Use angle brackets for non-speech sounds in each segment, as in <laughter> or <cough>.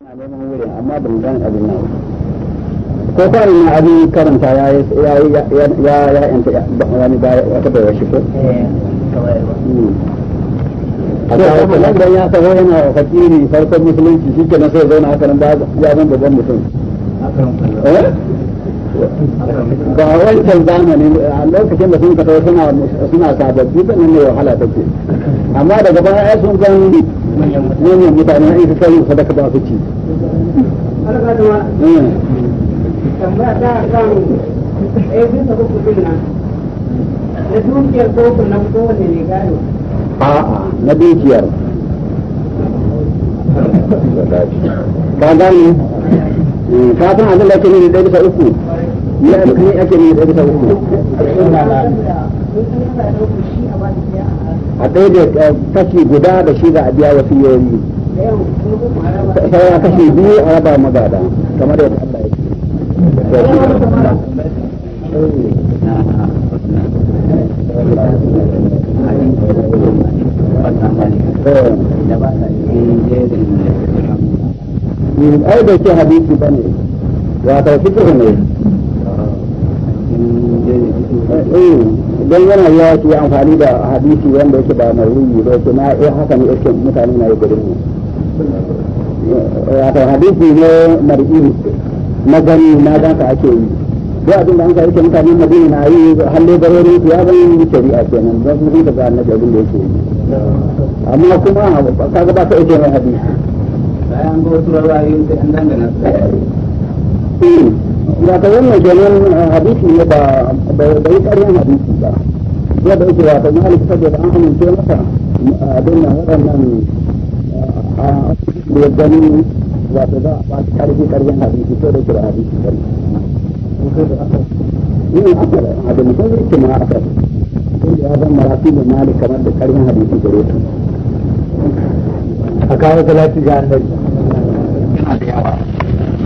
amma ban gan abin nan ko kwarin na abin karanta ya ya ya ya ya yanta wani baya wata bai washi ko eh, hmm. a kawo nan dan ya taho yana fakiri farkon musulunci shi kenan sai zauna haka nan ya zan babban mutum eh? ba wancan zamani a lokacin da sun ka suna suna sababbi sannan ne wahala take amma daga baya sun gan manyan mutane sadaka eh. tambaya ta kan eh, nan na dukiyar nan ne gado a'a na dukiyar ka eh, ka san abin da ke ne da bisa uku ya kai ake yi da uku a ɗaya da eh, kashi guda da shi za a biya wasu yoyi kashi biyu a raba magada kamar yadda Allah ya ce eh. Eh. ai da ke hadisi fikir ne don yana yawa ke amfani da hadisi wanda yake ba ba na eh, haka ne yake mutane na mu wato hadisi ne mar'i na gani na ake yi duk abin da an ka yake mutane na yi halle barorin su ya yi shari'a don abin da yake yi amma kuma ka ga ba ka yake mai hadisi bayan ga wasu sai an dangana su eh. ya ta wannan kenan hadisi ne ba bai ƙaryan hadisi ba ya da yake wato malik saboda an amince masa abin nan waɗannan a da gani wato za a ɓaci ƙarfi ƙaryan hadisi ko da kira hadisi kan yin akal abin sun zai kima akal sun ya zan marafi da malik kamar da ƙaryan hadisi gare su a kawo talati ga annabi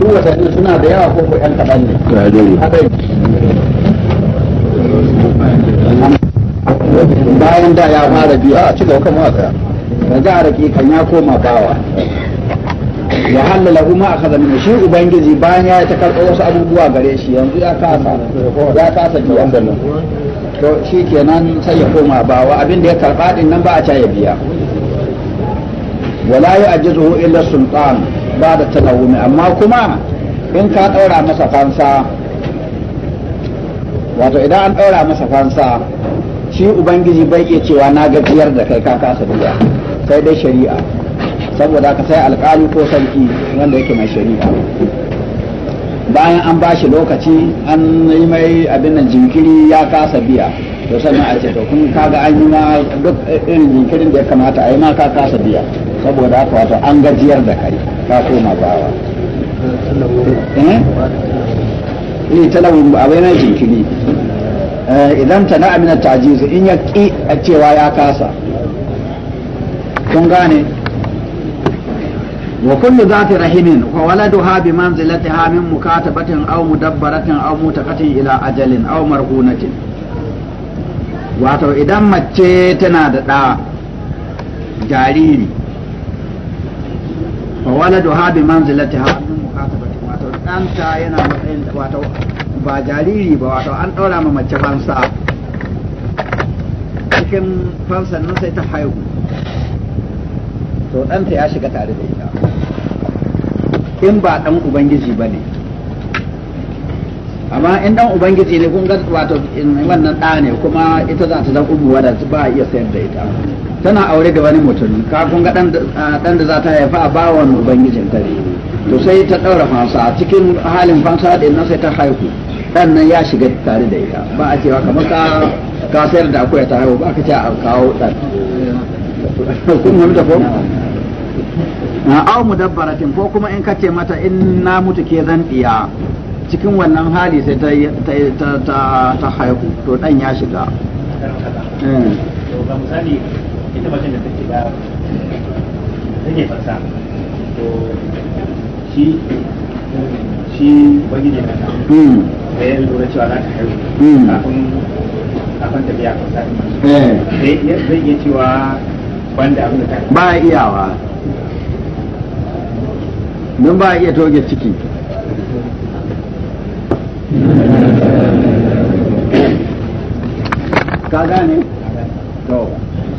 su watanni suna da yawa ko ko yan kaɗan ne bayan da ya fara biyu a ci kan waka raja kan ya koma bawa ya halala kuma a kaza shi ubangiji bayan ya ta karɓo wasu abubuwa gare shi yanzu ya kasa ya kasa biya to shi kenan sai ya koma bawa abin da ya karɓa din nan ba a ca ya biya wala ya ajizuhu illa sultan ba da tanawumi amma kuma in ka ɗaura masa fansa wato idan an ɗaura masa fansa shi ubangiji bai iya cewa na gajiyar da kai ka kasa biya sai dai shari'a saboda ka sai alƙali ko sarki wanda yake mai shari'a bayan an ba shi lokaci an yi mai abin nan jinkiri ya kasa biya to sannan a ce to kun kaga an yi ma duk irin jinkirin da ya kamata a yi ma ka kasa biya saboda haka wato an gajiyar da kai Eh? Eh, idan ta na amina ta in ya ƙi a cewa ya kasa kun gane wa kullu zafi rahimin wa waladu ha bi manzilati batin mu mukatabatin aw au aw mutaqatin ila ajalin aw marhunatin wato idan mace tana da ɗa jariri waladu ha bi manzilati ha min mukatabati wato ɗanta yana matsayin wato ba jariri ba wato an daura ma mace fansa cikin fansa nan sai ta haihu to ɗanta ya shiga tare da ita in ba dan ubangiji ba ne amma in dan ubangiji ne kun ga wato wannan ɗa ne kuma ita za ta zan ubuwa da ba iya sayar da ita tana aure da wani mutum ka kun ga dan da za ta haifa a bawan ubangijin ta to sai ta daura fansa a cikin halin fansa din nan sai ta haihu dan nan ya shiga tare da ita ba a cewa kamar ka ka sayar da akuya ta haihu ba ka ce a kawo dan kun mun ko aw mudabbaratin ko kuma in ka ce mata in na mutu ke zan iya cikin wannan hali sai ta ta ta haihu to dan ya shiga eh. ga misali ita mace da take da take fasa to shi shi bagije na hmm. da ya lura cewa za ta haihu hmm. kafin kafin tafiya farsa eh. zai iya cewa banda abin da ta ba iyawa don ba iya toge ciki ka gane to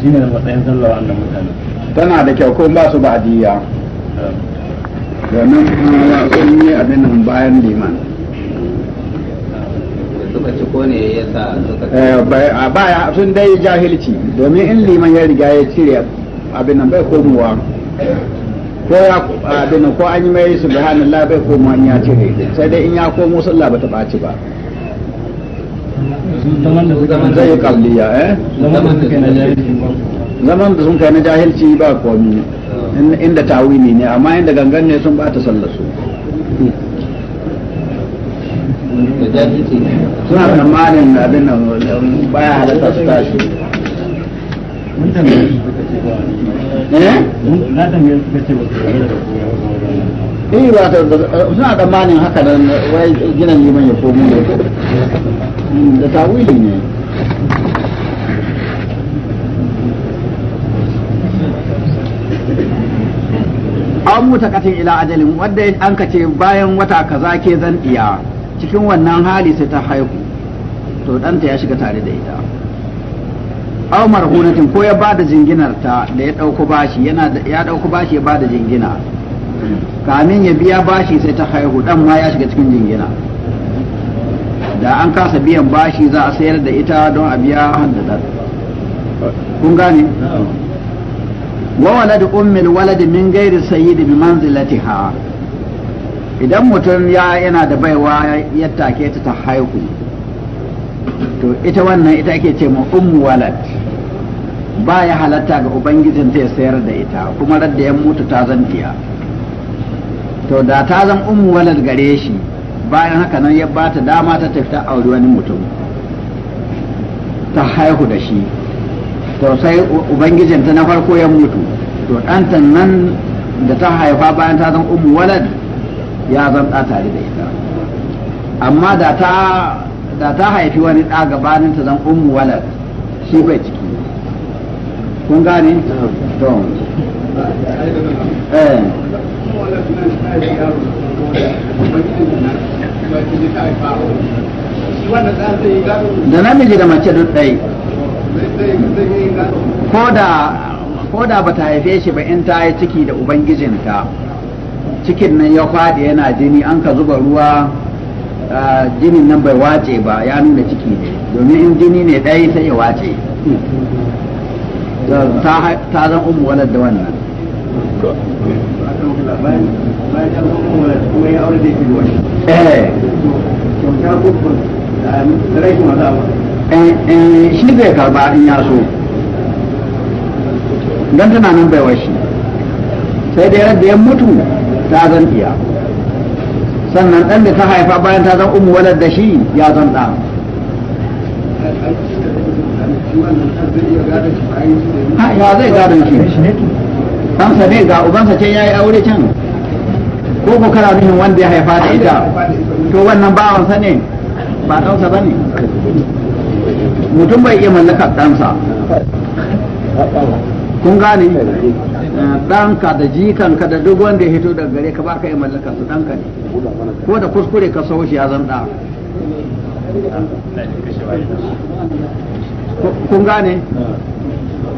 shi ne matsayin sallar wannan mutane tana da kyau ko ba su ba diya domin sun yi abin nan bayan liman suka ci ko ne ya sa suka eh, baya sun dai jahilci domin in liman ya riga ya cire abin nan bai komowa ko ya abin nan ko an yi mai subhanallah bai komowa in ya cire sai dai in ya komo sallah ba ta ɓaci ba zaman da zai yi kalliya eh zaman da sun kai na jahilci ba komi inda tawini ne amma inda gangan ne sun bata sallar su suna eh, tsammanin abin nan baya halatta su tashi Eh ba ta suna tsammanin haka nan wai gina liman ya komo ne da tawili ne an muta katin ila ajalin wadda an ka ce bayan wata kaza ke zan iya cikin wannan hali sai ta haihu to ɗanta ya shiga tare da ita aw marhunatin ko ya bada jinginar ta da ya ɗauko bashi yana ya ɗauko bashi ya bada jingina kamin ya biya bashi sai ta haihu dan ma ya shiga cikin jingina da an kasa biyan bashi za a sayar da ita don a biya haddadar kun gane wa da ummil da min ghairi sayyid bi ha idan mutum ya yana da baiwa ya take ta ta haihu to ita wannan ita ake ce ma ummu walad ba ya halatta ga ubangijinta ya sayar da ita kuma radda ya mutu ta zantiya to da ta zan ummu walad gare shi bayan haka nan ya ba ta dama ta tafi ta auri wani mutum ta haihu da shi to sai ubangijinta na farko ya mutu to ɗanta nan da ta haifa bayan ta zan umu walad ya zan ɗa tare da ita amma da ta haifi wani ɗa gabanin ta zan umu walad shi bai ciki kun gane to eh da namiji da mace duk ɗai ko da ba ta haife shi ba in ta yi ciki da ubangijinta cikin nan ya faɗi yana jini an ka zuba ruwa jinin nan bai wace ba ya nuna ciki ne domin in jini ne ɗai sai ya wace ta zan umu walar da wannan Eh. Eh, eh, shi bai karba in ya so don tana nan bai washi sai da yadda ya mutu ta zan iya sannan ɗan da ta haifa bayan ta zan umu walar da shi ya zan ɗa ya zai gadon shi ɗansa ne ga ubansa ce ya yi aure can ko ko kana nufin wanda ya haifa da ita to wannan bawansa ne ba ɗansa ba ne mutum bai iya mallakar ɗansa kun gane ɗanka da jikan ka da duk wanda ya hito daga gare ka ba ka iya mallaka su ɗanka ne ko da kuskure ka sau shi ya zan ɗa kun gane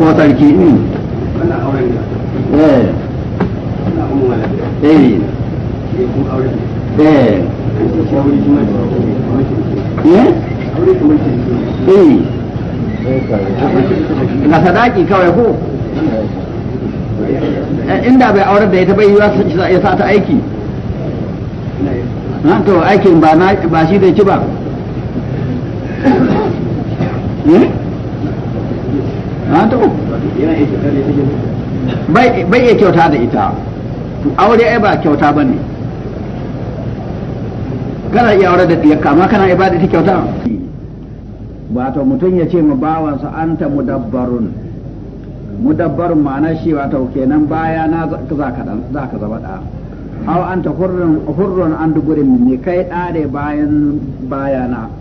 ko sarki ne wannan auren eh. Eh. Eh. da eh wannan da eh shi auren da eh na sadaki kawai ko inda bai aurar da ita bai yiwa ya sa ta aiki to aikin ba shi da ci ba na bai iya kyauta da ita aure ai ba kyauta ba ne kana iya aure da ya kama kana ibada ta kyauta wato mutum ya ce ma bawansa ta mudabbarun mudabbarun ma'ana shi wato kenan baya na za ka zaba da hau ta hurrun an dugurin mai kai ɗare bayan bayana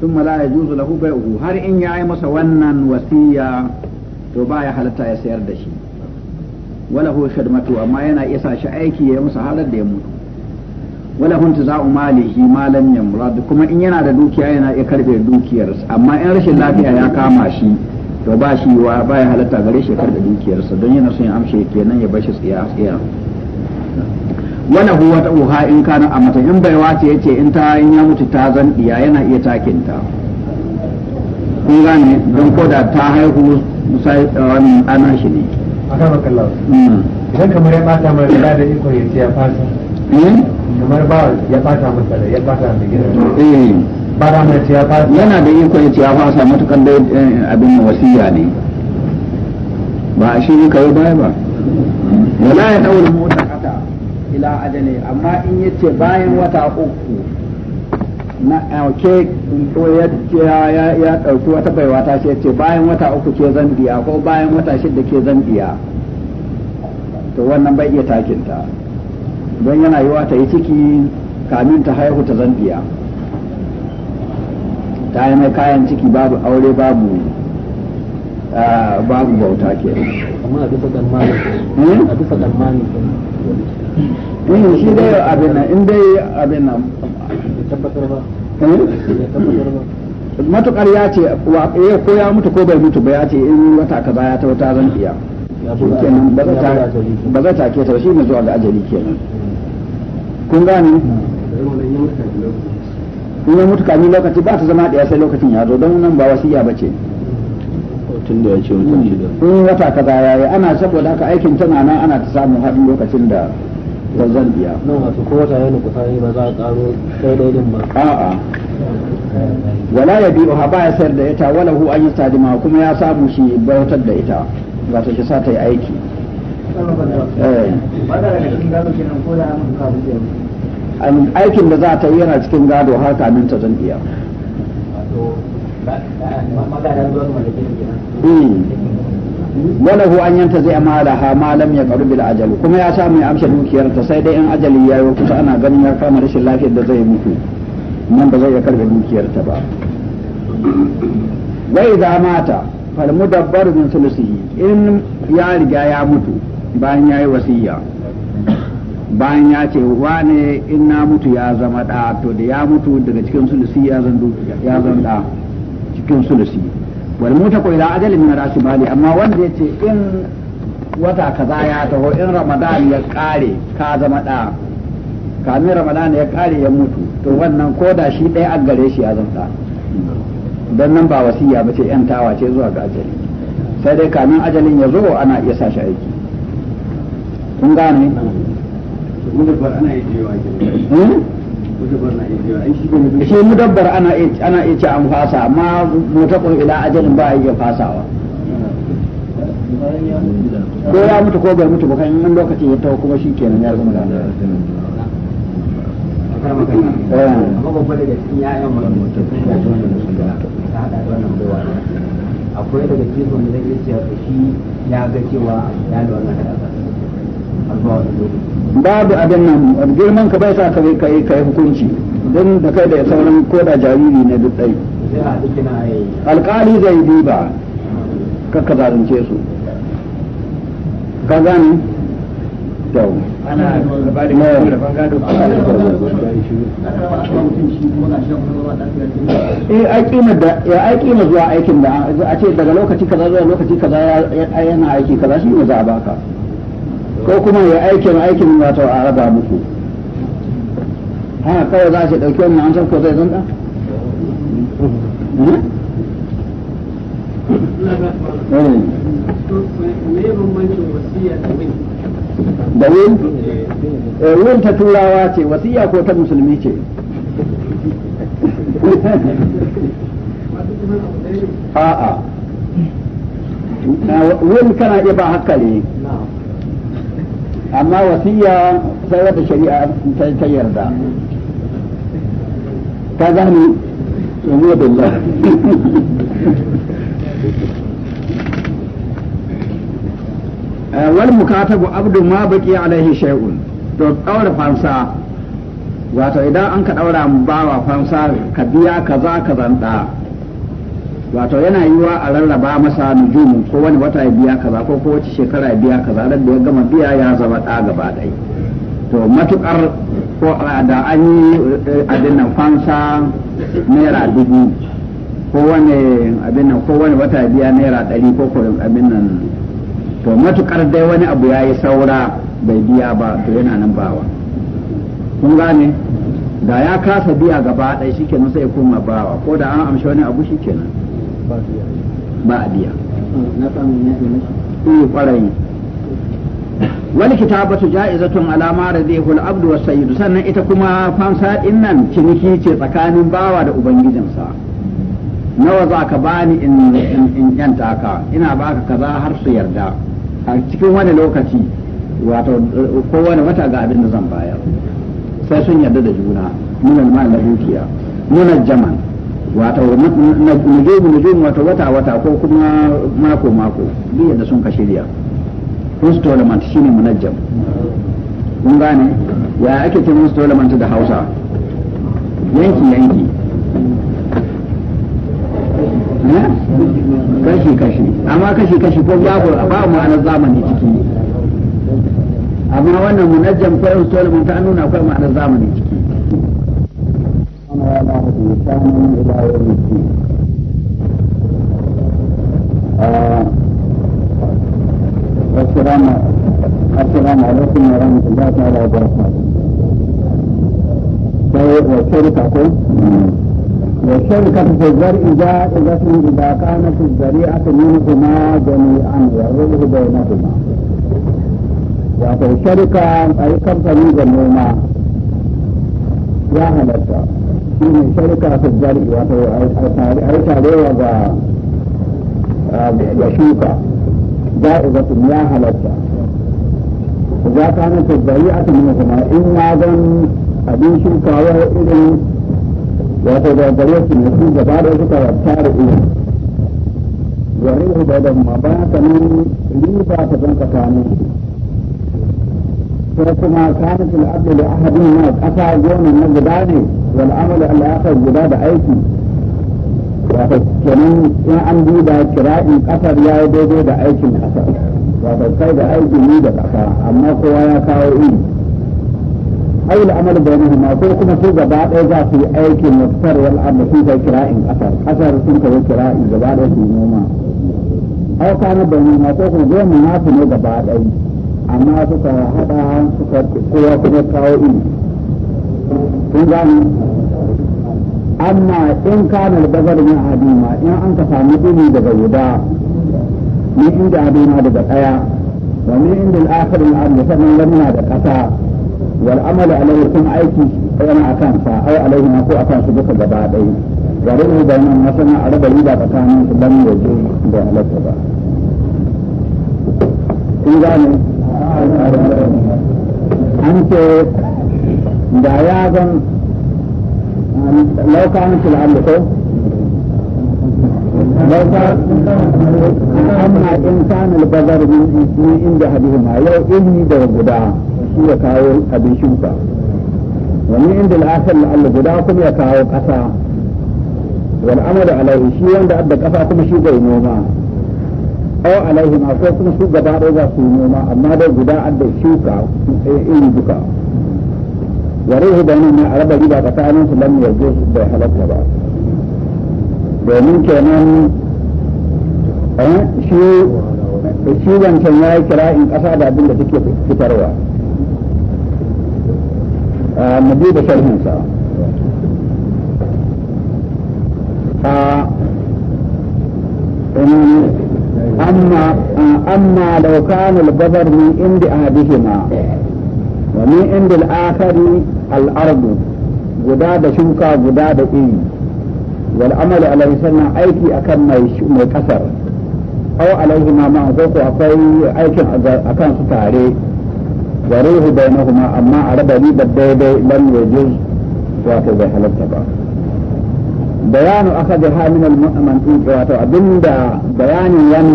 zuzu لا يجوز uku har in ya yi masa wannan wasiya to ba ya halatta ya sayar da shi wala hu khidmatu amma yana isa shi aiki ya masa halar da ya mutu wala hun taza'u malihi malam yamrad kuma in yana da dukiya yana iya karbe dukiyar amma in rashin lafiya ya kama shi to ba shi wa ba ya halatta gare shi karbe dukiyarsa don yana son ya amshe kenan ya bar shi tsiya tsiya wala huwa ta uha in kana amata in baiwa ce yace in ta in ya mutu ta zan iya yana iya takin ta kun gane don ko da ta haihu sai eh, ana shi ne aka maka Allah hmm. idan kamar ya bata mai da da iko yace ya fasa hmm? kamar ba ya bata masa da ya bata da gidan eh ba da mai ya fasa yana da iko yace ya fasa matukan da eh, abin wasiya ne ba shi ne kawai baya ba wala ya daura mota kata ila ajali amma in yace bayan wata uku na ke ya ya ɗauki wata baiwa ta ce ce bayan wata uku ke zambiya ko bayan wata shida ke zambiya to wannan bai iya takinta don yana yiwa ta yi ciki kamin ta haihu ta zambiya ta yi mai kayan ciki babu aure babu Ah, babu bauta ke amma a bisa kalmani hmm? a bisa kalmani in hmm, shi dai abin nan in dai abin hmm? matukar ya ce eh, ko ya mutu ko bai mutu ba ya ce in wata kaza ya tauta zan iya kenan ba za ta ke ta shi ne zuwa ga ajali kenan kun gane in ya mutu kamin lokaci ba ta zama ɗaya sai lokacin ya zo don nan ba wasiya ba ce tun da ya ce wata shida eh wata kaza ya yi ana saboda haka aikin tana nan ana ta samu haɗin lokacin da zan biya nan wato ko wata yana kusa ne ba za a karo daidaitin ba a'a wala ya biyu ha baya sayar da ita wala hu an yi sadima kuma ya samu shi bautar da ita ba ta shi sa ta yi aiki eh. aikin da za ta yi yana cikin gado har kamin ta zan biya Hmm. wala hu an yanta zai amala ha malam ya karu bil ajal kuma ya sa mai amsha dukiyar ta sai dai in ajali ya yi kusa ana ganin ya kama rashin lafiyar da zai mutu nan ba zai ya karbe dukiyar ta ba wa idza mata fal mudabbar min sulusihi in ya riga ya mutu bayan ya yi wasiya bayan ya ce wa ne in na mutu ya zama da to da ya mutu daga cikin sulusi ya zan dukiya ya zan da cikin sulusi wal muta ko ila ajalin min rashi bali amma wanda yace in wata kaza ya taho in ramadan ya kare ka zama da kamin ramadan ya kare ya mutu to wannan ko da shi ɗaya an gare shi ya zanta don nan ba wasiya ba ce yan tawa ce zuwa ga ajali sai dai kamin ajalin ya zo ana iya sa shi aiki kun gane? shi mudabbar ana iya ce an fasa amma mutakun ila ajalin ba a iya fasawa ko ya mutu ko bai mutu ba kan nan lokacin ya tawo kuma shi kenan ya zama da akwai daga cikin wanda zai iya cewa shi ya ga cewa ya da wannan hadasa babu abin nan girman ka bai sa ka kai kai hukunci don da kai da sauran koda jariri ne duk dai alƙali zai duba kakka zalunce su ka gani kyau ana ba da da eh, ai kima zuwa aikin da a ce daga lokaci kaza zuwa lokaci kaza yana aiki kaza shi ne za a baka ko kuma ya aikin aikin wato a raba musu haka kawai za su ɗauki wannan an ko zai zanta eh? da wil eh, wil ta turawa ce wasiya ko ta musulmi ce <laughs> a'a wil kana iya ba hakkali amma wasiya sai wata shari'a ta yarda ka gani yanzu da Allah wal mukatabu abdu ma baki alaihi shay'un to daura fansa wato idan an ka daura bawa fansa ka biya kaza ka wato yana yiwa a rarraba masa nujumu ko wani wata ya biya kaza ko kowace shekara ya biya kaza da ya gama biya ya zama ɗa gaba ɗaya to matukar ko da an yi eh, abin nan fansa naira dubu ko wani abin nan ko wani wata ya biya naira ɗari ko ko abin nan to matukar dai wani abu ya yi saura bai biya ba to yana nan bawa kun gane da ya kasa biya gaba ɗaya shikenan sai ya koma bawa ko da an amshi wani abu shikenan ba a biya ah, na eh, kwarai wani kitaba su ja'izatun alama radihul abdu was sannan ita kuma fansa din nan ciniki ce tsakanin bawa da ubangijinsa nawa za ka bani in in yanta ka ina baka kaza har su yarda a cikin wani lokaci wato kowane wata ga abin da zan bayar sai sun yarda da juna nuna mal wato nujumu nujumu wato wata wata ko kuma mako mako biya da sun ka shirya installment shine munajjam kun gane ya ake ce installment da Hausa yanki yanki eh? kashi kashi amma kashi kashi ko babu ba ma'anar zamani ciki amma wannan munajjam ko installment ta nuna akwai ma'anar zamani ciki كان ولا إنسان إلى يوم الدين والسلام السلام عليكم ورحمة الله تعالى وبركاته والشركة والشركة في الزرع جائزة إذا كانت الزريعة منهما جميعا والربح بينهما wato sharika a yi kamfani da noma ya halatta shi ne sharka su jari wato a yi tarewa ga shuka ja'izatun ya halatta za ka hana tabbari a tun kuma in ya zan abin shukawa irin wato da gare su ne su gaba da suka tare irin wari da ma ba ta nan riba ta zan tsakanin su ما كانت الأرض لأحد الناس أتى اليوم النجداني والأمل الآخر جباب عيسي وفكرين إن عندي دا كراء قصر يا يدودي دا عيسي الحسر وفكرين دا عيسي ميدا بأخرى أما قوى يا كاوئين أي الأمل بينهما كل كما في جباب إذا في عيسي مبتر والأرض في ذا كراء قصر قصر سنك وكراء جباب عيسي نوما أو كان بينهما كل كما في جباب عيسي amma suka haɗa suka kowa kuma kawo in kun gani amma in kana dabar min adima in an ka samu ini daga guda ni inda adina daga ɗaya wa min inda al-akhir al sannan ganna da ƙasa wal amalu alayhi kun aiki yana akan sa ai alayhi ma ko akan su duka gaba ɗaya ne da nan masana a raba riba tsakanin su dan waje da halatta ba kun gane an ce da ya zan lauka an kula an ko lauka amma in insan albazar ni inda hadihuma yau ilmi daga guda shi ya kawo abin shuka wani inda al'asar la'alla guda kuma ya kawo ƙasa wal amadu alaihi shi wanda adda ƙasa kuma shi zai noma aw ma ko kuma su gaba ɗaya za su yi noma amma dai guda an da shuka eh, iri duka warihu da nan a raba riba tsakanin su lam su bai halatta ba domin kenan eh, shi shi wancan ya yi in ƙasa da abin da take fitarwa ah, mu da sharhinsa ah, أما آه، أما لو كان البذر من عند أحدهما ومن عند الآخر الأرض غداد شوكا غداد إي والأمل عليه سنة أيكي أكن مي كسر أو عليهما ما أنفقه أقوي أيكي أكن ستاري وروه بينهما أما عربني بدبي لم يجوز واتو بحلت تبعه bayanu akhadha min al-mantuq wato abinda bayanin wannan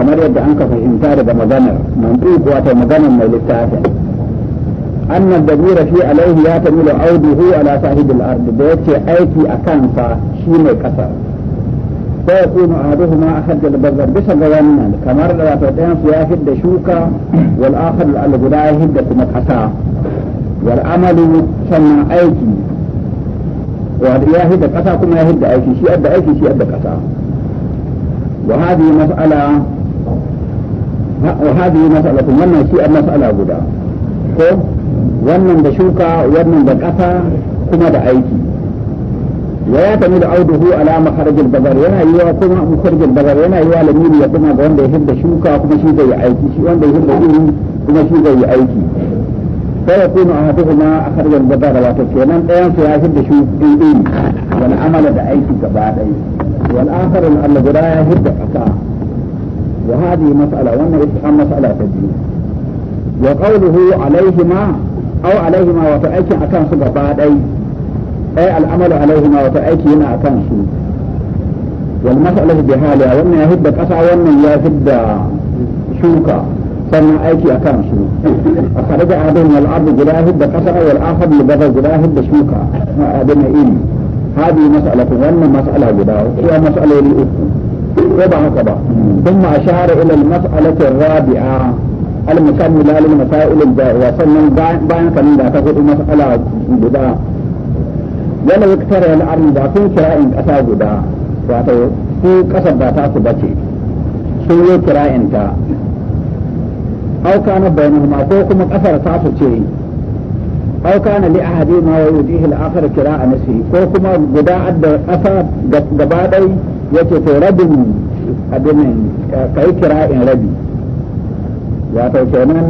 kamar yadda an ka fahimta daga maganar mantuq wato maganar mai littafin أن الدبير في عليه يتميل عوده على صاحب الأرض بيتي أيتي أكانسا شيني كسر فيكون أحدهما أخرج البذر بس غوانا كمر لا تدين سياهد شوكا والآخر الغداء هدة مكسا والعمل سمع أيتي wato ya hidda kasa kuma ya hidda aiki shi adda aiki shi adda kasa wa hadhihi mas'ala wa hadhihi wannan shi a mas'ala guda ko wannan da shuka wannan da kasa kuma da aiki wa ya tamidu auduhu ala makharajil bazar yana yiwa kuma makharajil bazar yana yiwa lamiri ya kuma ga wanda ya hidda shuka kuma shi zai yi aiki shi wanda ya hidda iri kuma shi zai yi aiki فيكون أحدهما أخرج البدر وتكينا أيام في هذه بشوف الدين والعمل بأيش كبعدين والآخر الذي لا يهد أكاه وهذه مسألة وأن الإسلام مسألة الدين وقوله عليهما أو عليهما وتأيك أكان سوى بعدين أي العمل عليهما وتأيك هنا أكان سوى والمسألة بحالها وأن يهد كسا وأن يهد شوكا sannan aiki a kan shi a kare da adon abu guda da kasa wal'afar libarar guda da shuka abin na iri hadi mas'alatu wannan mas'ala guda ya mas'aloli uku ko ba haka ba ثم أشار إلى المسألة الرابعة المكملة للمسائل الجاية وسلم بان كان ذاك تقول مسألة بدا ولا يكتر الأمر ذا كن كراء كسا بدا واتو سو كسب ذاتا سبتي سو كراء ta. aw na bainahuma ko kuma kafar ta su ce aw kana li ahadihima wa yudihi al-akhar qira'a nasi ko kuma guda adda kafa gaba dai yace to rabin abin kai kira kira'in rabi wato kenan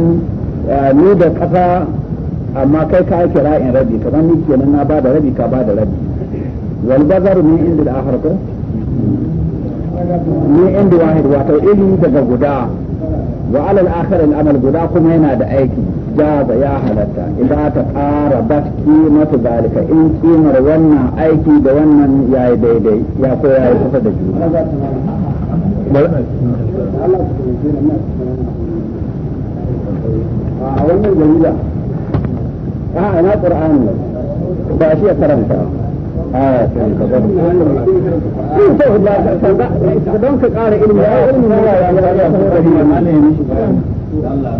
ni da kafa amma kai ka kira kira'in rabi kamar ni kenan na bada rabi ka bada rabi wal bazar min inda al-akhar ko ni inda wahid wato ili daga guda وعلى الاخر الامل قد اقوم هنا دعيك جاز يا حلتا اذا تقار بات قيمة ذلك ان قيمة رونا ايكي دونا يا يدي دي يا قوة يا قوة دي وعلى الجميلة اه انا قرآن باشية كرمتا don ka ƙara ilimi ya ilimi ya ya ya ya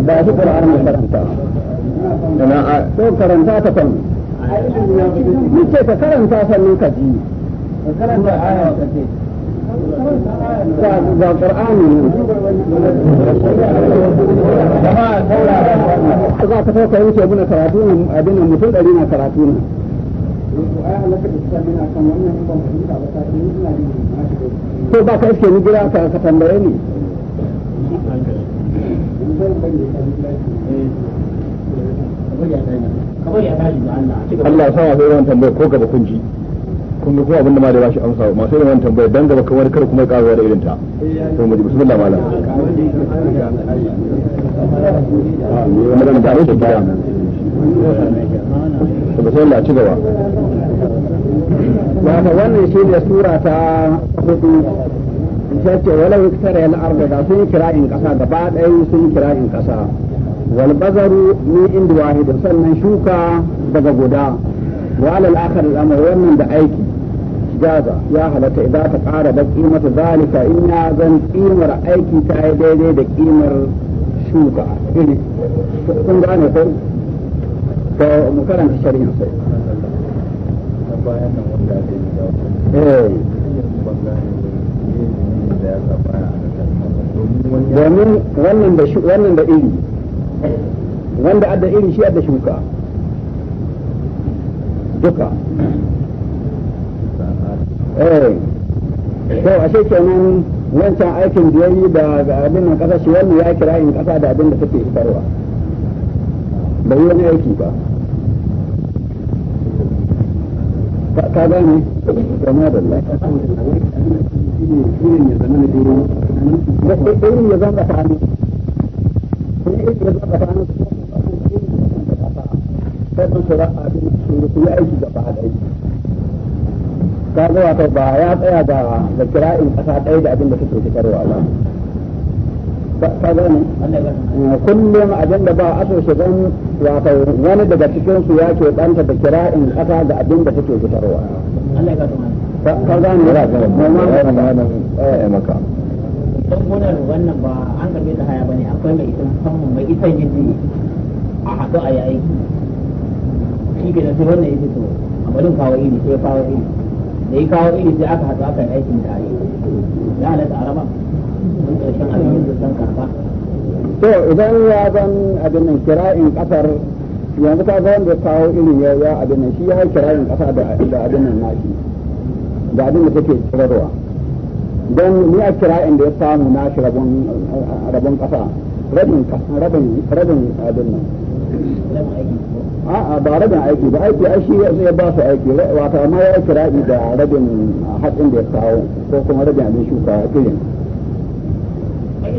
ba shi ƙura'ar mai karanta to karanta ta kan ce ka karanta sannan ka ji ga ƙur'ani ne za ka sauka yanke muna karatu abin mutum ɗari na karatu ne ko ba ka iske ni gida ka ka tambaye ni Allah ya sanya sai ran tambaye ko gaba kun ji kun ga ko abin da ma da bashi amsa ma sai wannan tambaye dan gaba kamar kar kuma ƙara da irin ta to mu ji bismillah malam bismillah ci gaba wata wannan shi ne sura ta hudu ta ce walau iktara yal da sun kira in kasa gaba ɗaya sun kira in kasa wal bazaru ni inda wahidin sannan shuka daga guda wa alal akhar al wannan da aiki jaza ya halatta idan ta ƙara da kimata zalika in ya zan kimar aiki ta yi daidai da kimar shuka kun gane ko to mu karanta shari'a eh. domin da wannan da iri wanda shi adda shuka duka eh to wancan aikin da yayi da abin nan kasa shi ya kira in kasa da abin da take fitarwa bai wani aiki ba ka gane zama da irin ya zama ya irin ya zama tsakani da su yi aiki gaba da aiki ka ga ba ya tsaya da da kira'in kasa ɗaya da abin da suke fitarwa ba ka gane eh, kullum abin da ba a so shi zan wato wani daga cikin su ya ke banta da in kasa ga abin da take fitarwa ka gane ya ga maka sangunan wannan ba an karbe ta haya ba ne akwai mai ita musamman mai ita yadda a haɗu a yi aiki shi ke sai wannan ya to a barin kawo iri sai ya kawo iri da ya kawo iri sai aka haɗu aka yi aikin a yi ya halatta a rama to idan ya zan abin nan kira'in kasar yanzu ta zan da kawo irin ya ya abin nan shi ya yi kira'in kasa da abin nan nashi da abin da take kirarwa don ni a kira'in da ya samu nashi rabon rabon kasa rabin rabin rabin abin nan a'a ba rabin aiki ba aiki a shi ya ba su aiki wata amma ya kira'i da rabin hatsin da ya kawo ko kuma rabin abin shuka a kirin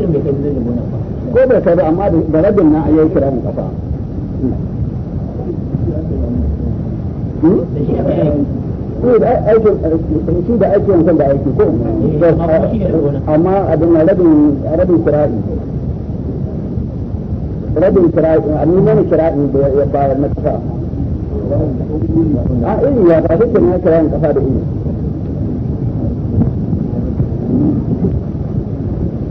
mutum bai kai zunubin gonar ba ko bai kai ba amma da rabin na ayi kirarin kafa shi da aiki wancan da aiki ko amma abin na rabin rabin kira'i rabin kira'i a nuna kira'i da ya bayar na kafa a iri ya ba dukkan ya kira'i kafa da iri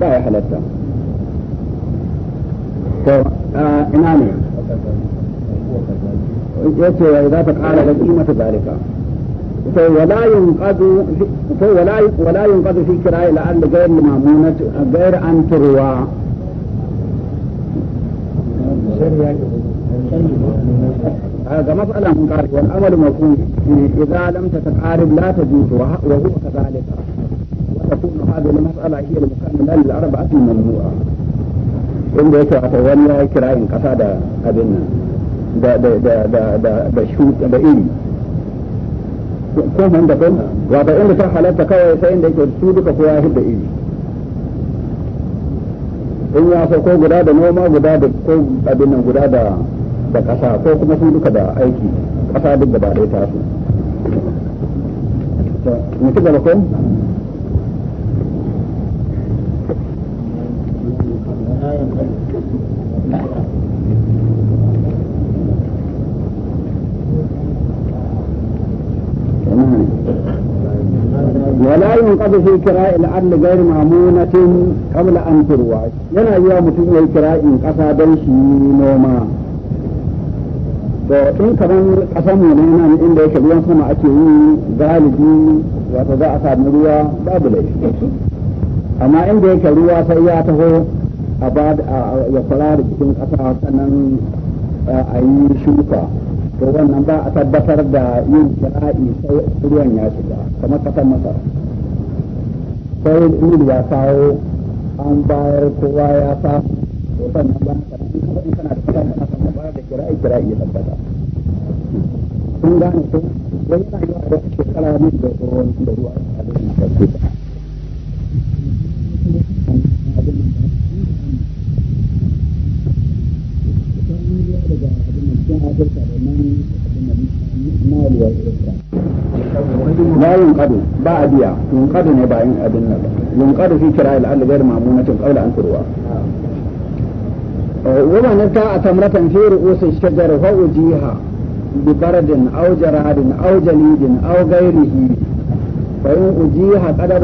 لا يحل الدم طيب آه إمامي يتي إذا غزيمة ذلك ولا ينقض في ولا ولا ينقض في كراء لعل غير المامونة غير أن تروى هذا مسألة من والأمر والأمل مفهوم إذا لم تتقارب لا تجوز وهو كذلك تكون هذه المسألة هي المكملة للأربعة الممنوعة ya yi kirayin kasa da abin nan da shuka da iri kun san da kun wata inda ta halarta kawai sai inda yake su duka kowa in ya so ko guda da noma guda da ko abin nan guda da da kasa ko kuma su duka da aiki kasa duk da ba ɗaya ta su. Mutu gaba kun? ولا ينقض في كراء العدل غير مامونة قبل أن تروى yana yiwa mutum ya yi kira'in ƙasa don noma to in kaman ƙasar mu ne nan inda yake ruwan sama ake yi galibi wato za a sami ruwa babu laifi amma inda yake ruwa sai ya taho a ba ya kula da cikin ƙasa sannan a yi shuka to wannan ba a tabbatar da yin jira'i sai ruwan ya shiga kamar ƙasar masar sai nil ya kawo an bayar kowa ya sa to sannan ba ka in kana da ƙasar masar ka bayar da jira'i jira'i ya tabbata sun gane ko wai yana yi wa shekara min da ruwan da ruwa a cikin ƙasar cikin afirka da nan na ruwa la yunqadu ba a biya kadu ne bayan abin nan kadu fi kira al mamu na cin qawla an turwa ومن ابتاع تمرة في رؤوس الشجر فأجيها ببرد أو جراد أو جليد أو غيره فإن أجيها قدر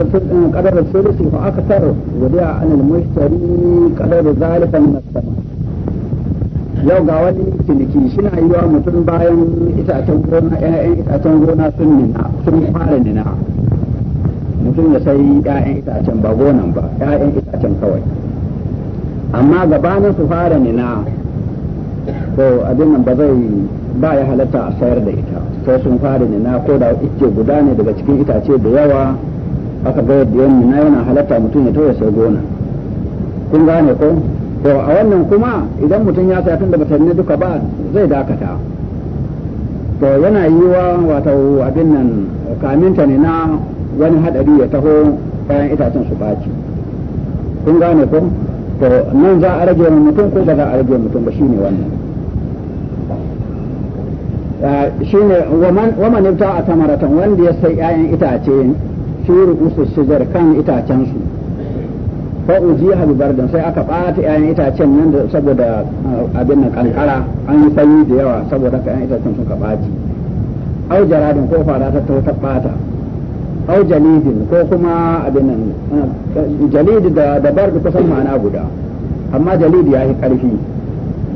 قدر الثلث فأكثر ودع عن المشتري قدر ذلك من الثمن yau ga wani ciniki shina yi wa mutum bayan itacen gona ƴaƴan itacen gona sun nina sun fara nina mutum ya sai ƴaƴan itacen ba gonan ba ƴaƴan itacen kawai amma gabanin su fara nina to abin nan ba zai ba ya halatta a sayar da ita sai sun fara nina ko da ita guda ne daga cikin itace da yawa aka ga yadda yan nina yana halatta mutum ya tauye sai gona kun gane ko to a wannan kuma idan mutum ya sa tunda bata ne duka ba zai dakata to yana yi wa wata abin nan kaminta ne na wani hadari ya taho kayan itacen su baci kun gane ko to nan za a rage mutum ko ba za a rage mutum ba shine wannan shine waman ibta a tamaratan wanda ya sai 'ya'yan itace shi rukusu shijar kan itacen su uji bi bardan sai aka bata ƴaƴan itacen nan da saboda uh, abin nan kankara an yi sanyi da yawa saboda ka ƴaƴan itacen suka ɓaci au jaradin ko fara ta ta bata au jalidin ko kuma abin nan uh, jalid da da bard kusan ma'ana guda amma jalid ya yi ƙarfi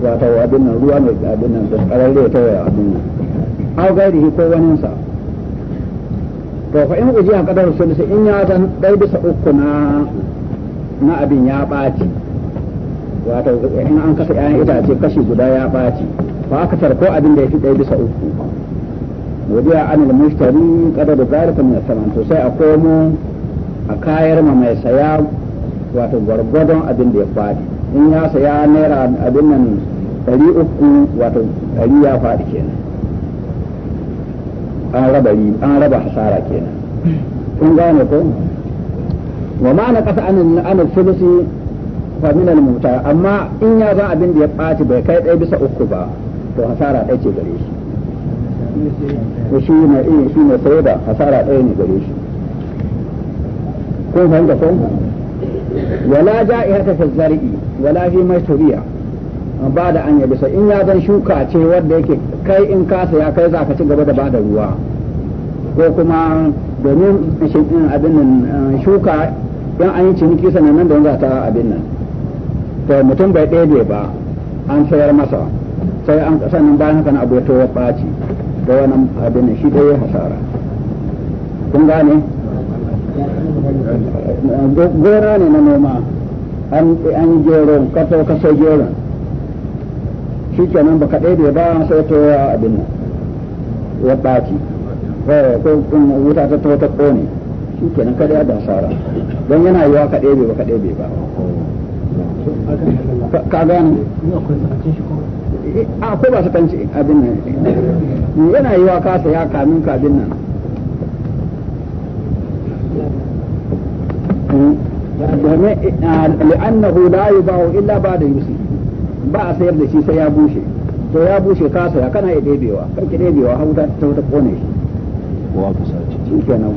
wato abin nan ruwa mai abin nan da ƙararre ta waya abin nan au gairihi ko sa to fa in ujiya kadar sulsi in ya dan dai bisa uku na na abin ya ɓaci wato in an kasa 'ya'yan itace kashi guda ya ɓaci fa aka tarko abin da ya fi ɗaya bisa uku godiya an mushtari kada da zalika min saman to sai a komo a kayar ma mai saya wato gwargwadon abin da ya faɗi in ya saya naira abin nan ɗari uku wato ɗari ya faɗi kenan an raba an raba hasara kenan kun gane ko وما نقص عن عن الثلث فمن الممتع اما ان يا ذا ابين da ya ɓaci bai kai ɗaya bisa uku ba to hasara ɗaya ce gare shi ko shi ne eh shi ne sai da hasara ɗaya ne gare shi kun fahimta ko wala ja'ihata fi zari'i wala fi mashriya ba da an bisa in ya zan shuka ce wanda yake kai in ka saya kai za ka ci gaba da bada ruwa ko kuma domin abin shuka don an yi ciniki sanannan da za ta abin nan to mutum bai ɗebe ba an sayar masa sai an sannan bayan haka na abu ya to ya ɓaci da wani abin shi dai ya hasara kun gane gora ne na noma an gero ka to ka sai gero shi kenan baka ɗebe ba an sai to ya abin nan ya ɓaci eh, ko wuta ta to ta ƙone shi kenan kada ya da don yana yiwa kaɗe ɗebe ba kaɗe ɗebe ba ka gane a ko ba su kanci abin nan yana yiwa kasa ya kamin ka abin nan domin eh, ah, li'annahu la yubahu illa ba da yusi ba a sayar da shi sai ya bushe to ya bushe kasa ya kana ya ɗebewa kan ki ɗebewa hauta ta kone shi wa kusa cikin kenan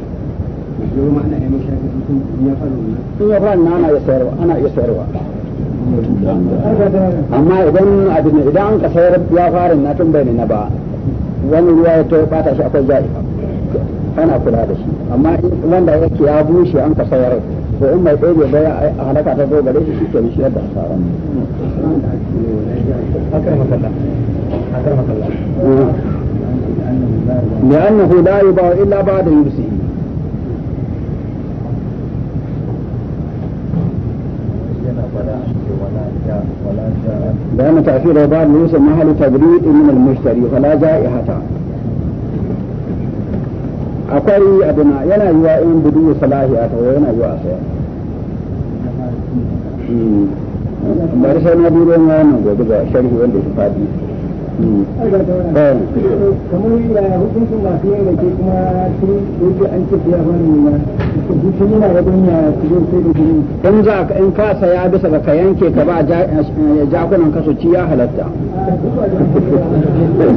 in ya sayarwa ana iya sayarwa amma idan ya fara na tun bai na ba wani ruwa ya tawo bata shi akwai zai ana kula da shi amma wanda yake ya bushe an ka sayar ko in mai tsaye a halaka ta zo gare shi shi ke shi asara لأنه لا يباع إلا بعد لأن تأثير البعض ليس محل تبريد من المشتري فلا جائحة akwai أبناء ينا يوائن بدو in وينا salahi a tawo yana yi wa شريف وانده شفادي gobe ga kamar hukuncin in za ka in ka saya bisa ga ka yanke ka ba eh, jakunan ka su ci ya halatta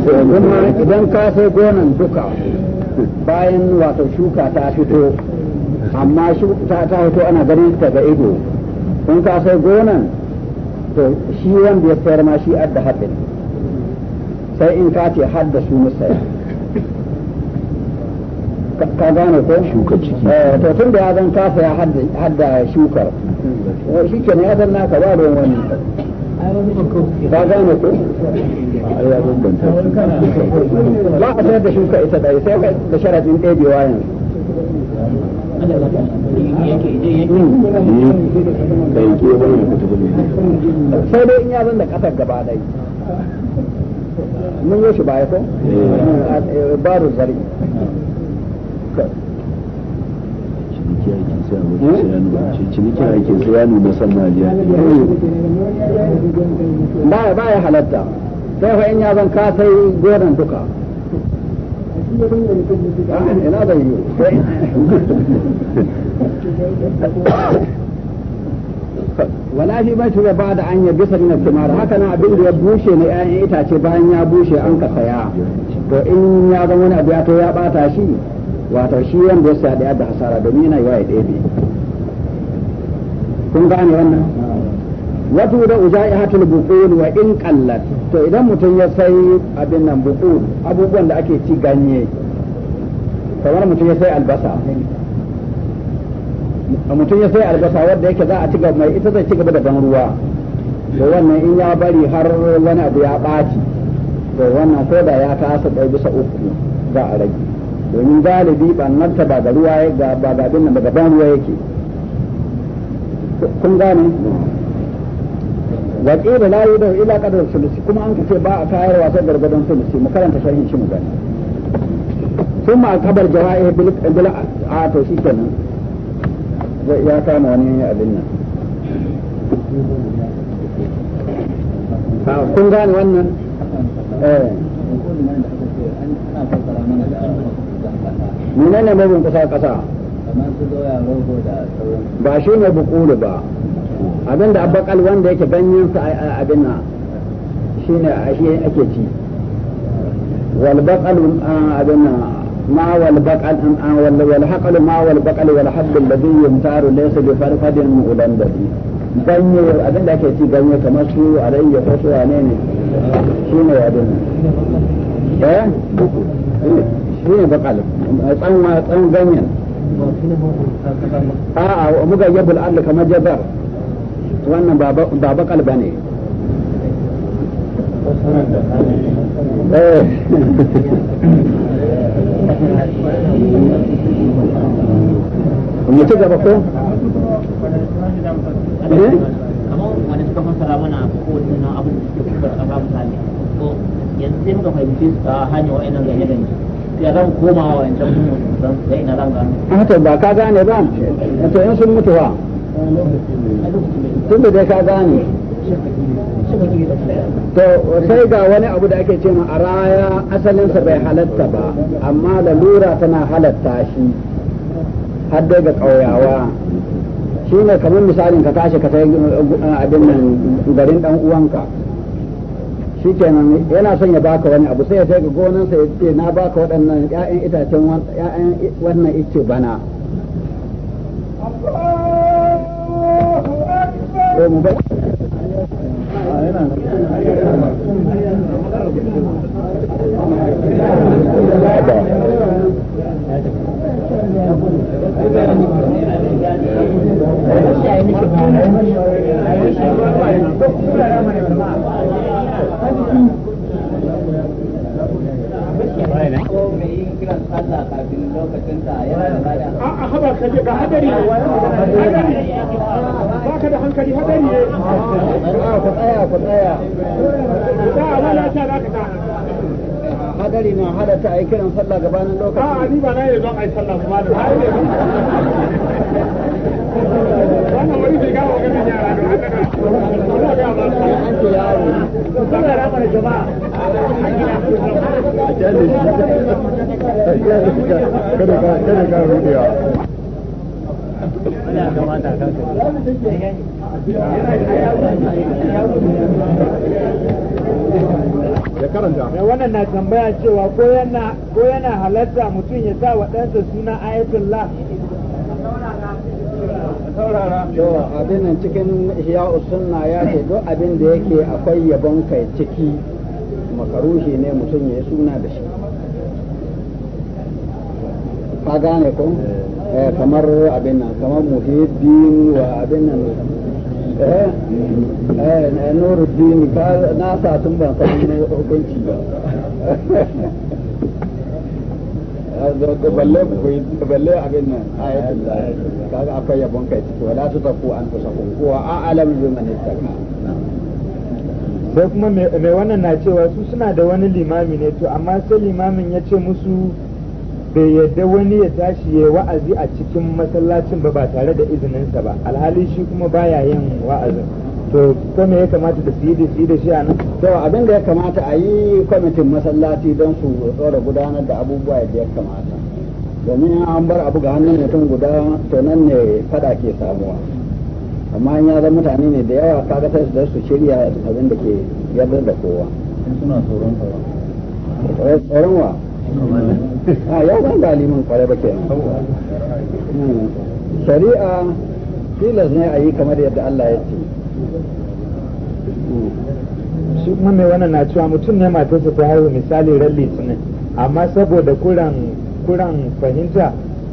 kuma idan ka sai gonan duka bayan wato shuka ta fito amma ta ta fito ana ganin ta ga ido in ka sai gonan to shi wanda ya sayar ma shi adda haɗin sai in ka ce har da su musaya ka gane ko shuka ciki eh, to tun da ya zan kasa ya hadda shukar eh, shi ke ya zan naka ba don wani ka gane ko ba a sayar da shuka ita ɗaya sai ka da sharaɗin ɗebewa yanzu sai dai in ya zan da ƙasar gaba ɗaya mun yi shi baya ko? Eh. ba da zari ciniki ake saya hmm? nuna san majiya baya baya halatta sai fa in ya zan ka sai gonan duka ina da yiwu wala shi ba shi ba da an bisa sannan kimar haka nan abin da ya bushe na 'ya'yan itace bayan ya bushe an ka saya to in ya zan wani abu ya to ya bata shi wato shi wanda ya saya da hasara domin yana yiwa ya ɗebe kun ne wannan wato da ujaihatul buqul wa in qallat to idan mutum ya sai abin nan buqul abubuwan da ake ci ganye kamar mutum ya sai albasa mutum ya sai albasa wadda yake za a ci gaba ita zai ci gaba da ban ruwa to wannan in ya bari har wani abu ya ɓaci to wannan ko da ya asa ɗaya bisa uku za a rage domin galibi ɓannarta ba ga ruwa ya ga ba ga abin nan daga ban ruwa yake kun gane wa qila la yudu ila qadar sulusi kuma an kace ba a kayar wasa gargadon sulusi mu karanta sharhin shi mu gani ثم أكبر جوائه بل بل آتو شي كنا يا كان وني أبنا كن غاني wannan eh ne mabin kusa kasa ba shi ne bukulu ba abinda da wanda yake ganyen sa abin na shi ne shi ake ci wal baqal abin na ma wal baqal an wal wal haqal ma wal baqal wal hadd alladhi yumtaru laysa bi farfadin mu'lan dadi ganye abinda ake ci ganye kamar su alayya ko su wane ne shi ne abin eh هي بقال tsawon tsawon ganyen a'a muka jabal Allah kamar jabar wannan ba bakal ba ne mu ci gaba ko? kamar wani suka fasara mana kowane abin da suke kuka a babu yanzu sai muka fahimci su ta hanyar wa'annan ganye-ganye ya zan koma wa in zan sai ina zan gane ah, ba ka gane ba to in sun mutu wa tun da ka gane to sai ga wani abu da ake cewa a raya asalinsa bai halatta ba amma lalura tana halatta shi har dai ga ƙauyawa shi ne kamar misalin ka tashi ka sai eh, eh, abin nan garin ɗan uwanka kenan yana son ya baka wani abu sai ya sai ga gonan sa ce na baka waɗannan ƴaƴan itacen wannan ice bana hadari hadari ba ka da hankali hadari ne ku tsaya ku tsaya da wala ta za ka ta hadari na halatta a yi kiran sallah gabanin lokaci a ni ba na yi don a yi sallah kuma da har ne wannan wani bai gawo ganin yara da haka ga ba an ce yaro kuma ra mana jama'a a jale shi kada ka kada ka rubiya ya wannan na tambaya cewa ko yana halarta halatta mutum ya sa wa ɗansa suna ayatullah la abin nan cikin ya sunna ya ce duk abin da yake akwai yabon kai ciki makarushi ne mutum ya suna da shi ka gane ko eh. Eh, kamar abin nan kamar muhiddin wa abin nan eh, eh nuruddin ka na sa tun ban san hukunci ba ko <laughs> balle ko balle abin nan ayatul kaga akwai yabon kai to la tu taku an ko a a'lam bi man ittaka sai kuma mai wannan na cewa su suna da wani limami ne to amma sai limamin ya ce musu bai yadda wani ya tashi ya wa'azi a cikin masallacin ba ba tare da izininsa ba alhali shi kuma baya yin wa'azin to ko me ya kamata da su yi da shi da shi a nan to abin da ya kamata a yi kwamitin masallaci don su tsora gudanar da abubuwa yadda ya kamata domin an bar abu ga hannun mutum guda to nan ne fada ke samuwa amma in ya zama mutane ne da yawa kaga sai su su shirya abin da ke yarda da kowa suna tsoron tsoron wa <laughs> a yau ban da liman kwarai ba kenan hmm. shari'a tilas ne a yi kamar yadda Allah ya ce hmm. shi kuma mai wannan na cewa mutum ne su ta haihu misali ran ne amma saboda kuran fahimta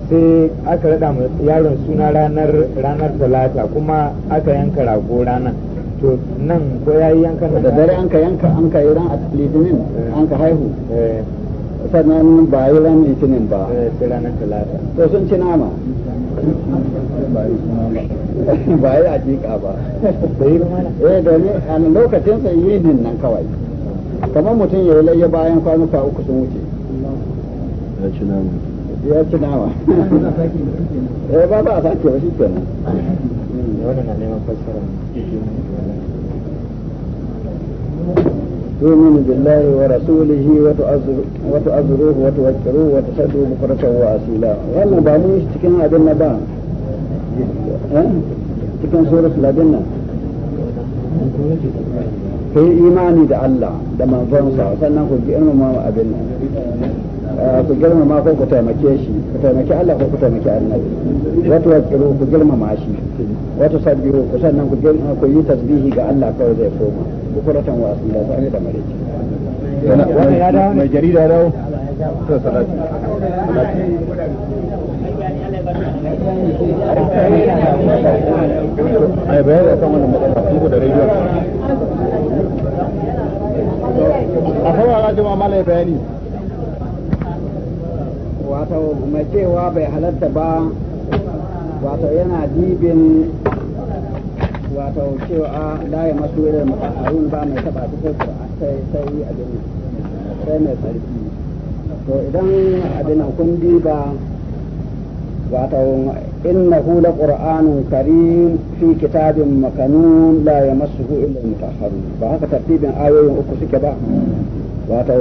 sai aka rada yaron suna ranar ranar talata kuma aka yanka rago ranar to nan ko yayi yanka da dare an ka yanka an ka yi ran litinin eh. an ka haihu eh. sannan ba yi ran litinin ba eh, to sun ci nama <laughs> ba yi hakika ba eh domin a lokacin sa yinin nan kawai kamar mutum ya yi layya bayan kwanuka uku sun wuce ya ci nama ya ci nama <laughs> eh ba ba a sake ba shi kenan hmm, wannan na neman fassara <laughs> تؤمن بالله ورسوله وتعذروه وتوكروه وتسدوا بكرة وأصيلا وأنا بعمل تكن أدنى بان تكن سورة لدنا في إيماني دع الله دا من فنصا بأنه ما أدنى ku girmama ko ku taimake shi ku taimake Allah ko ku taimake annabi wato ku shi wato ku sannan ku yi tasbihi ga Allah kawai zai koma wa asila safe da mare mai jarida dawo ta salati ai bayar da kan ko da rediyon a wato mai cewa bai halatta ba wato yana dibin wato cewa da ya masu wurin mutahharun ba mai taba su sai sai sai abin sai mai tsarki to idan abin kun diba wato ina la qur'anun karim fi kitabin makanun la hu illa mutahharun ba haka tartibin ayoyin uku suke ba wato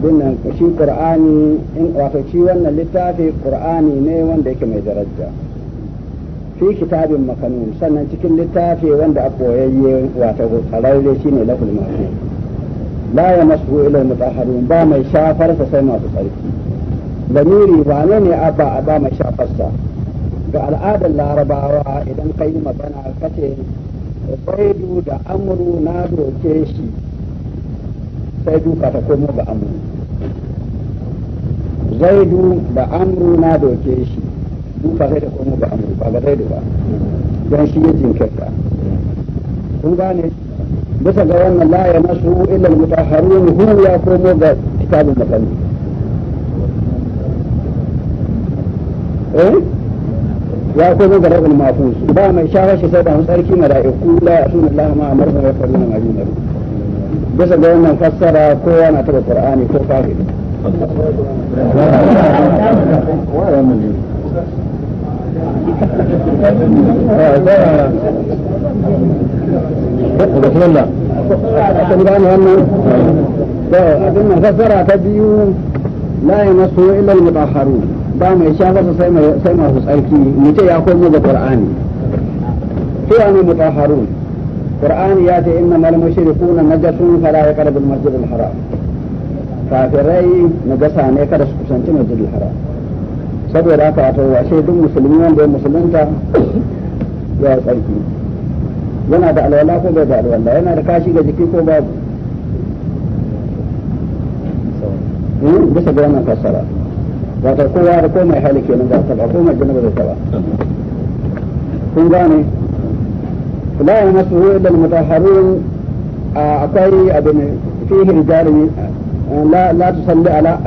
abin nan shi qur'ani in wato shi wannan littafi qur'ani ne wanda yake mai daraja fi kitabin makanun sannan cikin littafi wanda a koyayye wata tsararre shi ne lafil mafi la ya masu ila mutahharun ba mai shafar sa sai masu tsarki lamiri ba ne ne abba a ba mai shafar sa ga al'adar larabawa idan ka yi magana ka ce da amuru na doke shi sai duka ta komo ga amuru zaidu da amuru na doke shi in ba zai da kuma ba amur ba ba ba shi ya jinkirta gane bisa ga wannan la ya nasu illa mutahharun hu ya komo ga kitabun makalli eh ya komo ga rabul mafus ba mai shawar shi sai da sarki mala'iku la yasuna Allah ma amara wa yaquluna ma yunar bisa ga wannan fassara kowa na taba qur'ani ko kafiri بسم الله فسرة تبيو لا يمسه إلا المطهرون ba mai shafarsa sai masu tsarki mutum ya komo da qur'ani cewa ne mutaharu qur'ani ya ce inna mal mushrikuna najasun fala yaqrabu al masjid al haram kafirai gasa ne kada su kusanci masjid al haram saboda haka wato washe duk musulmi wanda ya musulunta ya yi tsarki yana da alwala ko bai da alwala yana da kashi ga jiki ko babu hmm? bisa ga wannan fassara wato kowa da komai hali kenan za ta ba komai jana ba zai ba kun gane la ya masu illa mutahharun akwai abin fihi rijalun la la tusalli ala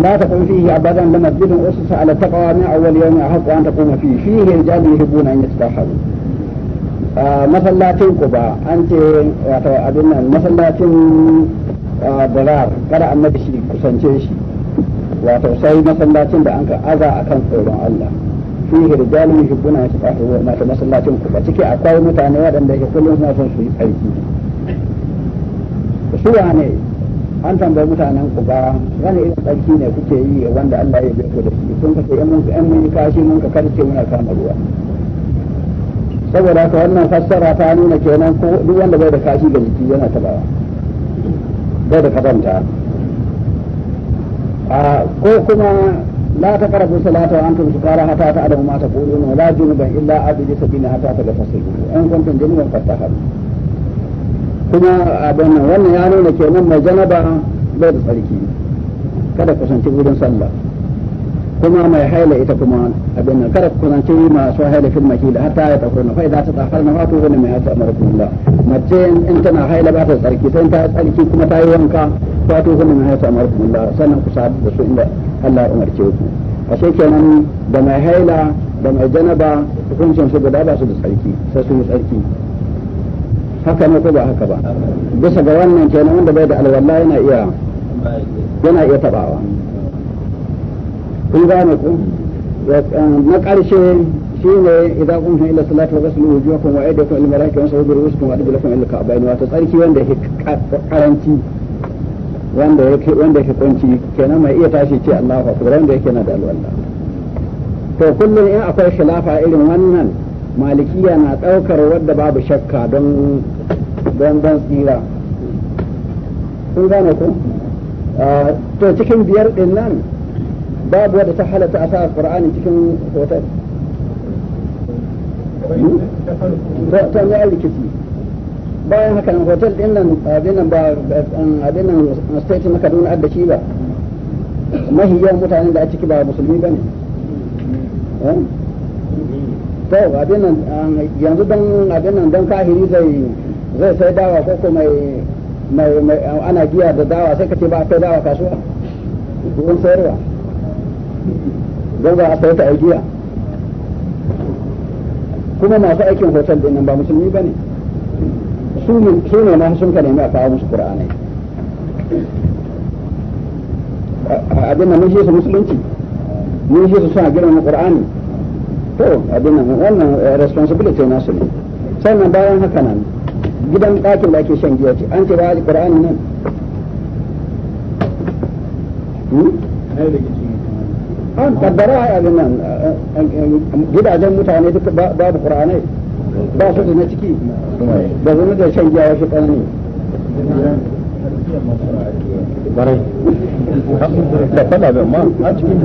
لا تقوم فيه أبدا لمسجد أسس على التقوى من أول يوم أحق تقوم فيه فيه رجال يحبون an ce wato abin nan masallacin barar kada annabi shi kusance shi wato sai masallacin da an ka aza akan tsoron Allah fihi rijalun yuhibbuna yatafahu wato masallacin kuba ciki akwai mutane waɗanda ke kullum suna son su yi aiki su ne an tambayi mutanen ku ba wani irin tsarki ne kuke yi wanda Allah ya ku da shi sun kace mun ka mun kashi mun ka karce muna kama ruwa saboda haka wannan fassara ta nuna kenan ko duk wanda bai da kashi ga jiki yana tabawa bai da kabanta a ko kuma la ta karabu salata wa antum sukara hata ta adamu ma taquluna la junuban illa abidi sabina hatta ta gafasilu in kuntum junuban fattahalu kuma abin nan wannan ya nuna kenan mai janaba bai da tsarki kada kusanci wurin sallah kuma mai haila ita kuma abin nan kada kusanci masu haila fil da hatta ya tafi na faida ta tafar na fatu wani mai hata mara da mace in tana haila ba ta tsarki sai ta tsarki kuma ta yi wanka fatu wani mai hata mara da sannan ku sadu da su inda Allah ya umarce ku ashe kenan da mai haila da mai janaba hukuncin su guda ba su da tsarki sai su yi tsarki haka ne ko ba haka ba bisa ga wannan kenan wanda bai da alwala yana iya yana iya tabawa kun gane ku na ƙarshe shi ne idan kun fi ila salatu wa gaslu wujuhakum wa aydakum ila maraki wa sawu rusukum wa adbilakum ila ka'bayn wato tsarki wanda yake karanci wanda yake wanda yake kunci kenan mai iya tashi ce Allahu akbar wanda yake na da alwala to kullun in akwai khilafa irin wannan malikiya na ɗaukar wadda babu shakka don don don tsira sun gane ku ah, to cikin biyar ɗin nan babu wadda ta halatta a sa'ar qur'ani cikin hotel hmm? ta ya rikici bayan haka nan hotel ɗin nan abin nan ba abin nan state na Kaduna adda shi ba mahi yawan mutanen da a ciki ba musulmi ba ne eh? to abin nan yanzu don abin nan don kahiri zai zai sai dawa ko ko mai mai mai ana giya da dawa sai kace ba kai dawa kasuwa don sayarwa don ba a sayar ta giya kuma masu aikin hotel din nan ba musulmi ba ne su ne ma sun ka nemi a kawo musu qur'anai abin nan mun shi su musulunci mun shi su suna girmama qur'ani to abin nan wannan eh, responsibility nasu ne sannan bayan haka nan gidan ɗakin da ake shan giya ce an ce ba a nan hmm? an a nan eh, eh, gidajen mutane babu ba su da na ciki da zama da shan giya wasu ƙanani barai <laughs> da ma a cikin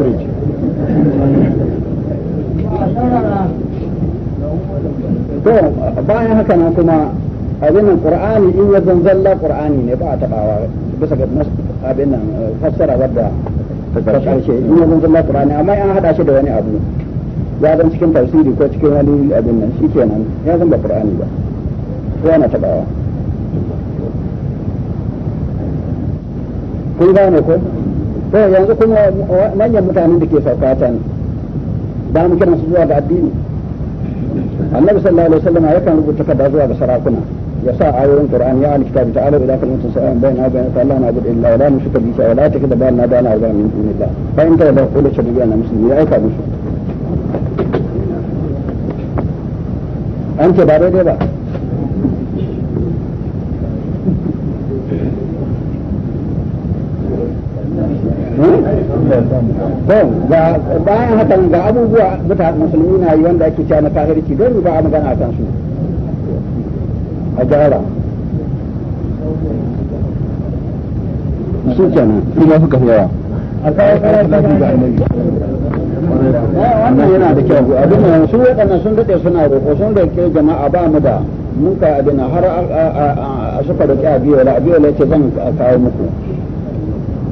to bayan haka na kuma abin nan qur'ani in ya zanzalla qur'ani ne ba a tabawa bisa ga abin nan eh, fassara wadda ta karshe in ya zanzalla qur'ani amma an hada shi da wani abu ya zan cikin tafsiri ko cikin wani abin nan kenan ya zan ba qur'ani ba ko ana tabawa kun gane ko to yanzu kuma manyan mutanen da ke sauka can ba mu kiran su zuwa ga addini annabi sallallahu alaihi wasallam ya kan rubuta kada zuwa ga sarakuna ya sa ayoyin qur'ani ya alkita bi ta'ala ila kalimatu sa'an bayna wa bayna Allah na abudu illa wala mushrika bihi wa la takida ba na dana wa min dunillah fa in ta da kullu shabiya na musulmi ya aika musu an ce ba daidai ba ga bayan hakan ga abubuwa mutane musulmi na yi wanda ake cewa na kafirci don ba a magana a su a jara su kenan su ba suka fi kawai eh, wannan yana da kyau a duniya su waɗannan sun daɗe suna roƙo sun da ke jama'a ba mu da mun kai abin har a suka roƙi abiyola abiyola ce zan kawo muku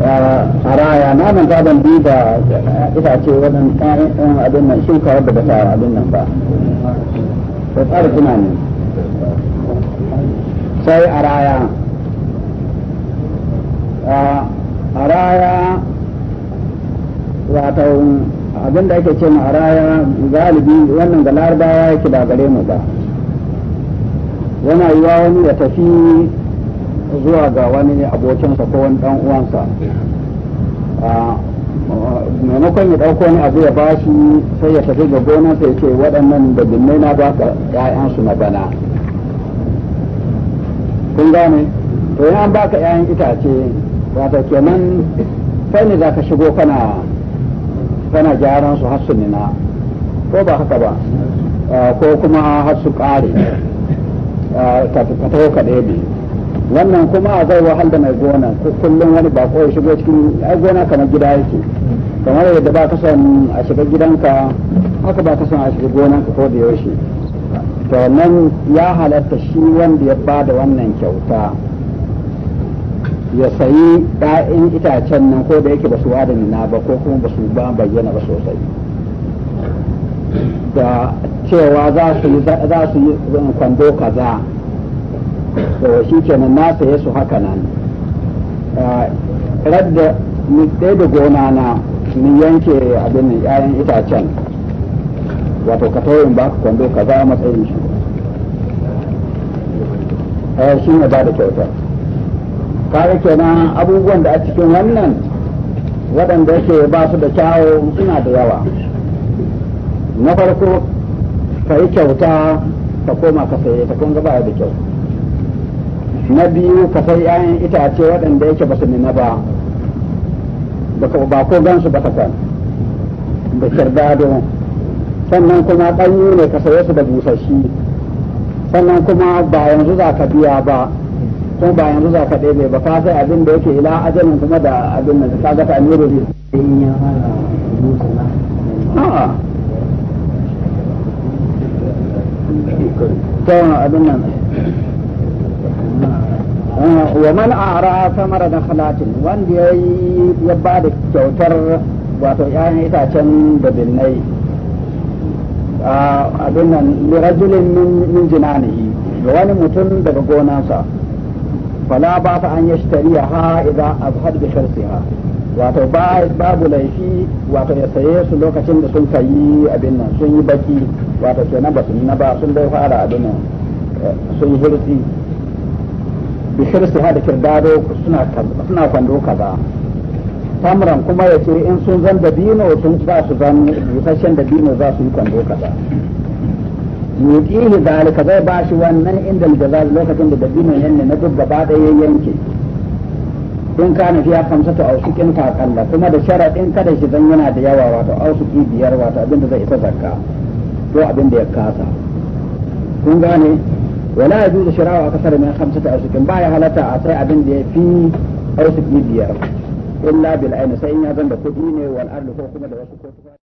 haraya na nan ta ban da itace wadan ɗan abin nan shi kawar da ta abin nan ba ta tsara tunani sai araya araya wato abin da ake ce ma raya galibi wannan ga larabawa yake ba gare mu ba yana wa wani ya tafi zuwa ga wani abokinsa ko wani dan uwansa ah, maimakon ya ɗauko wani abu ya bashi sai ya tafi ga gonansa ya ce waɗannan da binnai na ba ka ‘ya'yansu na bana kun gane to yan an baka ‘ya'yan itace wata kenan kai za ka shigo kana gyaran su har su nina ko ba haka ba ah, ko kuma har su ƙare ah, ka taho ka biyu wannan kuma a zai wahal da mai gona kullum wani bako ya shigo cikin ai gona kamar gida yake kamar yadda ba ka son a shiga gidanka haka ba ka son a shiga ka ko da yaushe to nan ya halatta shi wanda ya ba da wannan kyauta ya sayi ɗa'in itacen nan ko da yake ba su nina ba ko kuma ba su ba bayyana ba sosai da cewa za su yi kwando kaza to shi kenan na saye su haka nan ah, radda ni ɗaya da gona na ni yanke abin ƴaƴan itacen wato ka tawo in baka kwando ka za matsayin shi eh shi ne ba da kyauta kare kenan abubuwan da a cikin wannan waɗanda yake ba su da kyawo suna da yawa na farko ka yi kyauta ka koma ka saye ta kun gaba da kyau na biyu ka sai ‘ya'yan itace waɗanda yake ba su nuna ba ba ko gansu ba kan da kirdado sannan kuma ɗanyu ne ka saye su da busashi sannan kuma ba yanzu za ka biya ba ko ba yanzu za ka ɗebe ba ka sai abin da yake ila ajalin kuma da abin da ka ga ta amiro ne da ta abin nan wa man ara samara da khalatin wanda ya ya ba da kyautar wato ‘ya'yan itacen da binnai abin nan lirajulin min jinanihi ga wani mutum daga gonansa fala ba ta an yashtari ha idan azhar bi sharsiha wato babu laifi wato ya saye su lokacin da sun kai abin nan sun yi baki wato kenan ba su na ba sun dai fara abin nan sun yi hirsi bishir su hada kirdado suna kwando kaza tamran kuma ya ce in sun zan dabino sun za su zan busasshen dabino za su yi kwando kaza yuqihi zalika zai ba shi wannan inda aljazal lokacin da dabino yanne na dubba ba daya yanke in kana fiya kamsatu ausukin ta kuma da sharadin kada shi zan yana da yawa wato ausuki biyar wato abinda zai isa zakka ko abinda ya kasa kun gane ولا يجوز شراء أكثر من خمسة أوسك باي هلتا أسي أبن دي في أوسك بيبير إلا بالعين سيئنا زند كدين والأرض فوقنا لوسك